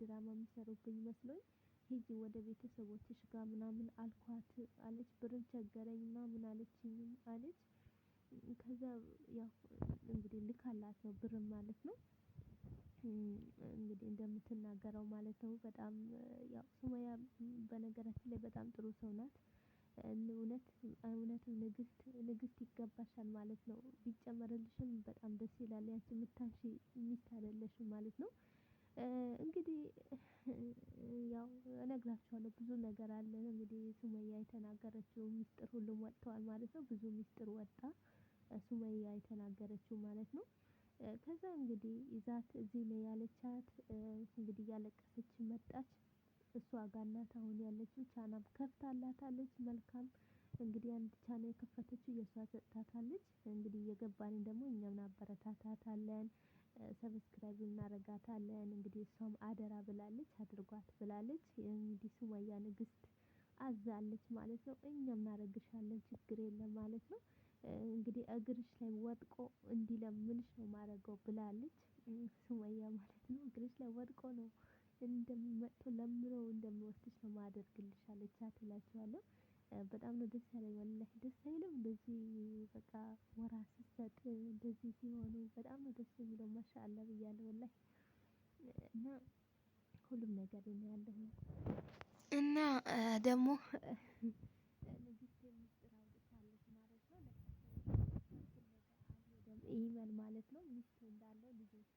ድራማ የሚሰሩብኝ መስሎኝ ሂጂ ወደ ቤተሰቦችሽ ጋር ምናምን አልኳት አለች። ብርም ቸገረኝ ምናምን አለችኝ አለች። ከዛ ያው እንግዲህ ልካላት ነው ብርም ማለት ነው እንግዲህ እንደምትናገረው ማለት ነው። በጣም ያው ሱመያ በነገራችን ላይ በጣም ጥሩ ሰው ናት። እውነት እውነትም ንግስት ንግስት ይገባሻል ማለት ነው። ቢጨመርልሽም በጣም ደስ ይላል። ያንቺ የምታንሺ ሚስት አይደለሽም ማለት ነው። እንግዲህ ያው እነግራችኋለሁ ብዙ ነገር አለን እንግዲህ ሱመያ የተናገረችው ሚስጥር ሁሉም ወጥተዋል ማለት ነው። ብዙ ሚስጥር ወጣ ሱመያ የተናገረችው ማለት ነው። ከዛ እንግዲህ ይዛት እዚህ ነው ያለቻት እንግዲህ እያለቀሰች መጣች። እሷ ጋር ናት አሁን ያለችው ቻናል ከፍታላታለች። መልካም እንግዲህ አንድ ቻናል የከፈተችው የእሷ ሰጥታታለች። እንግዲህ እየገባን ደግሞ እኛም እናበረታታታለን ሰብስክራይብ እናረጋታለን። እንግዲህ እሷም አደራ ብላለች፣ አድርጓት ብላለች። እንግዲህ ሱመያ ንግስት አዛለች ማለት ነው። እኛም እናረግሻለን፣ ችግር የለም ማለት ነው። እንግዲህ እግርሽ ላይ ወድቆ እንዲለምንሽ ነው ማረገው ብላለች ሱመያ ማለት ነው። እግርሽ ላይ ወድቆ ነው እንደሚመጥቶ ለምኖ እንደሚወስድሽ ነው ማደርግልሽ አለቻት በጣም ነው ደስ ያለኝ ወላሂ ደስ አይልም እንደዚህ በቃ ወራት ሲሰጥ እንደዚህ ሲሆኑ በጣም ነው ደስ የሚለው ማሻአላ ብያለሁ ወላሂ እና ሁሉም ነገር እናያለን እና ደግሞ ይህመን ማለት ነው ሚስቱ እንዳለው ልጆች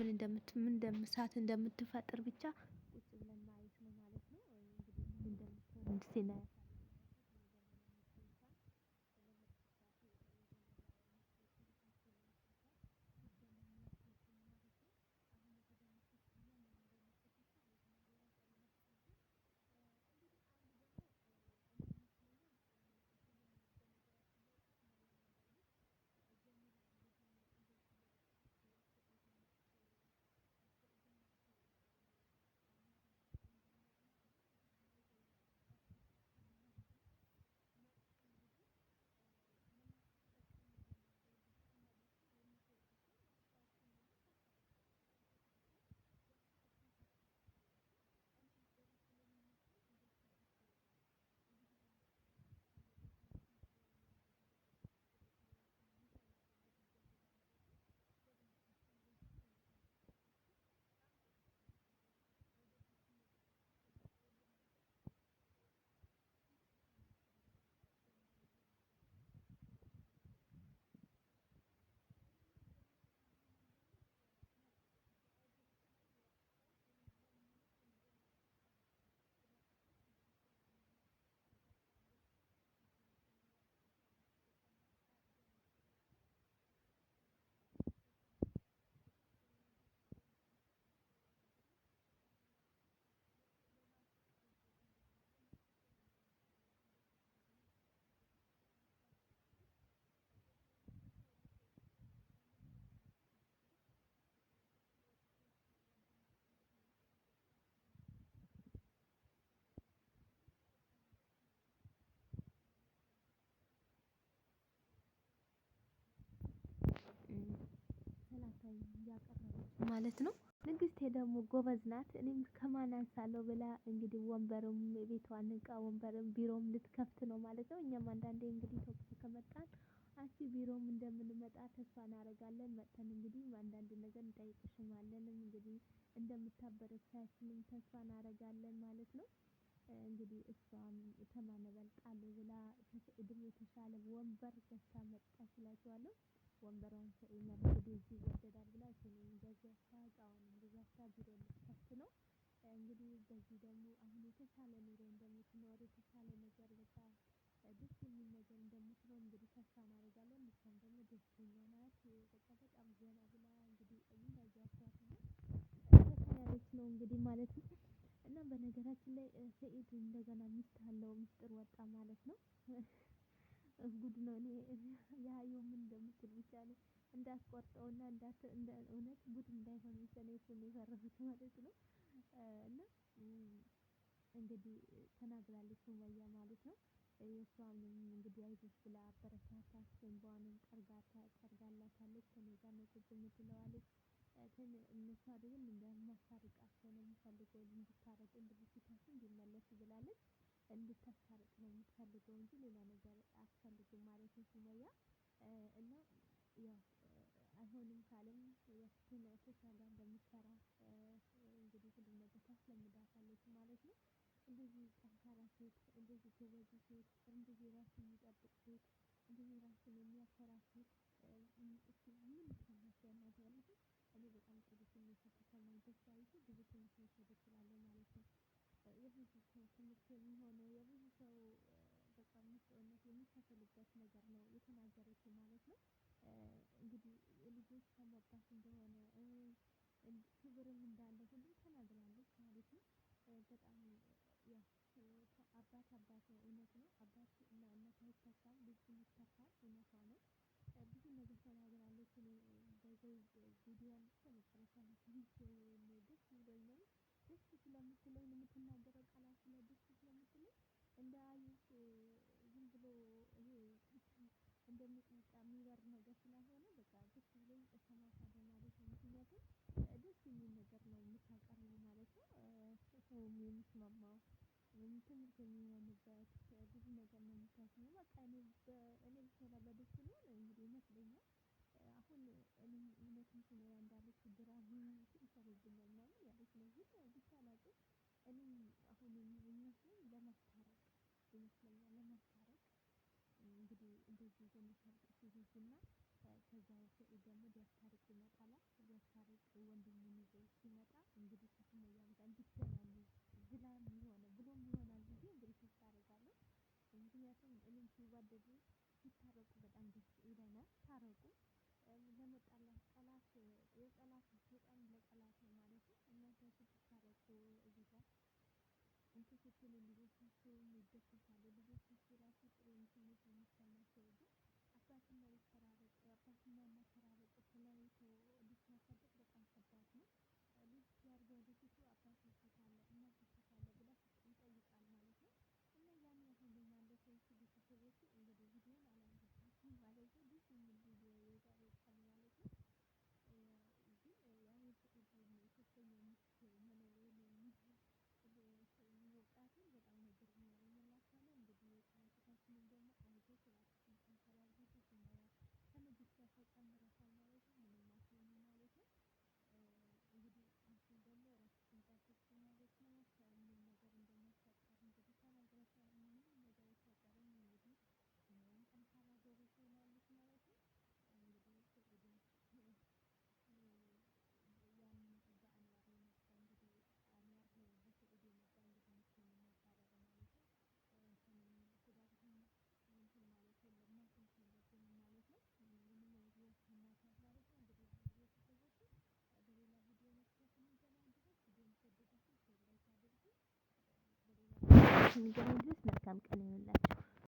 ምን እንደምሳት እንደምትፈጥር ብቻ ቁጭ ብለን ማየት ነው ማለት ነው። እንግዲህ ምን እንደምትሆን ማለት ነው። ንግስቴ ደግሞ ጎበዝ ናት። እኔም ከማን አንሳለሁ ብላ እንግዲህ ወንበርም የቤቷን እቃ ወንበርም ቢሮም ልትከፍት ነው ማለት ነው። እኛም አንዳንዴ እንግዲህ ኢትዮጵያ ከመጣን አንቺ ቢሮም እንደምንመጣ ተስፋ እናደርጋለን። መጥተን እንግዲህ አንዳንድ ነገር እንጠይቅሽኛለን። እንግዲህ እንደምታበረታችንም ተስፋ እናደርጋለን ማለት ነው። እንግዲህ እሷም ከማን እበልጣለሁ ብላ እድሜ የተሻለ ወንበር ገዝታ መጣች እላቸዋለሁ። ወንበሯን መልሶ ዴዚ ይወደዳል ብላ ስሙን ገዝታ እቃዋንም ገዝታ ቢሮ ልትከፍት ነው። እንግዲህ በዚህ ደግሞ አሁን የተሻለ ኑሮ እንደምትኖር የተሻለ ነገር በቃ ደስ የሚል ነገር እንደምትሆን እንግዲህ ተስፋ እናደርጋለን። እሷም ደግሞ ደስተኛ ናት። በቃ በጣም ዘና ብላ እንግዲህ እንዳያችኋት ነው ተከራለች ነው እንግዲህ ማለት ነው። እና በነገራችን ላይ ሰኢድ እንደገና ሚስት አለው ሚስጥር ወጣ ማለት ነው። ጉድ ነው። እኔ ያየው ምን እንደምትል ብቻ ነው እንዳትቆርጠውና እንዳት እንደ እውነት ጉድ እንዳይሆን መሰለኝ እሱን የፈረሱት ማለት ነው። እና እንግዲህ ተናግራለች ሱመያ ማለት ነው። የእሷም እንግዲህ አይዞሽ ብላ አበረታታት፣ ገንዘቧንም ጠርጋታ ጠርጋላታለች። ከእኔ ጋር ነው ቁጭ የምትለዋለች። ግን እነሱ አይደለም ነው የሚፈልገው እንድታረቅ እንድብስታቸው እንዲመለሱ ብላለች። እንድታሳልጥ ነው የምትፈልገው እንጂ ሌላ ነገር አትፈልግም ማለት ነው ሱመያ። እና ያው አይሆንም ካለም ያችን ሶሻል ጋር እንደምትሰራ እንግዲህ ሁሉ ነገር ታስለምዳታለች ማለት ነው። እንደዚህ ጠንካራ ሴት፣ እንደዚህ ጎበዝ ሴት፣ እንደዚህ ራሱን የሚጠብቅ ሴት፣ እንደዚህ ራሱን የሚያኮራ ሴት ምን ይሰማሽ ያናት ያሉትን እኔ በጣም ጥሩ ስሜት ተሰማኝ። ተስፋ ይዤ ብዙ ትምህርት መውሰድ እችላለሁ ማለት ነው። የብዙ ሰው ትምህርት የሚሆን የተከታተሉበት ነገር ነው የተናገረችው ማለት ነው። እንግዲህ ልጆች ከመጣት እንደሆነ ክብርም እንዳለ ሁሉ ተናግራለች ማለት ነው። በጣም ያው አባት አባት እውነት ነው። አባት እና እናት የሚተካም ልጅ የሚተካም እውነቷ ነው። ብዙ ነገር ተናግራለች። እኔ በዘይ ቪዲዮን ብቻ መጨረሻ ደስ ይለኛል። ደስ ስለምትለኝ የምትናገረው ቃላት ስለ ደስ ስለምትለኝ እንደ እንደሚጠጣ የሚበር ነገር ስላልሆነ በቃ ደስ ብሎኝ እሰማታለሁ ማለት ነው። ምክንያቱም ደስ የሚል ነገር ነው የምታቀርበው ማለት ነው። ሰውም የሚስማማው ትምህርት የሚሆንበት ብዙ ነገር ነው የምታስበው። በቃ እኔ ብሰራ በደስ ነው እንግዲህ ይመስለኛል። አሁን እኔም እውነትም ስኖራ እንዳለች ችግር ይሰሩብኛል ምናምን ያለች ነው ግን ብቻ አላውቅም እኔ ይዞ መሸርቅ ሲይዝና ከዛ ውስጥ ደግሞ ዲያስታርቅ ይመጣላል። ዲያስታርቅ ወንድሙን ይዞ ሲመጣ እንግዲህ ከስሙያም ጋር እንዲገናኙ ዝላም የሆነ ብሎም ይሆናል ብዬ እንግዲህ ተስፋ አደርጋለሁ። ምክንያቱም እኔም ሲዋደዱ ሲታረቁ በጣም ደስ ይለናል። ታረቁ ለመጣላት ጠላት የጠላት ሰይጣን ለጠላት ነው ማለት ነው። እናንተ ስትታረቁ እዚህ ጋር እንትን ስትሉ ልጆቻቸውም ይደሰታሉ። ልጆቻቸው ራሱ ጥሩ እንትን እስከምንገናኝ ድረስ መልካም ቀን ይሁንላችሁ።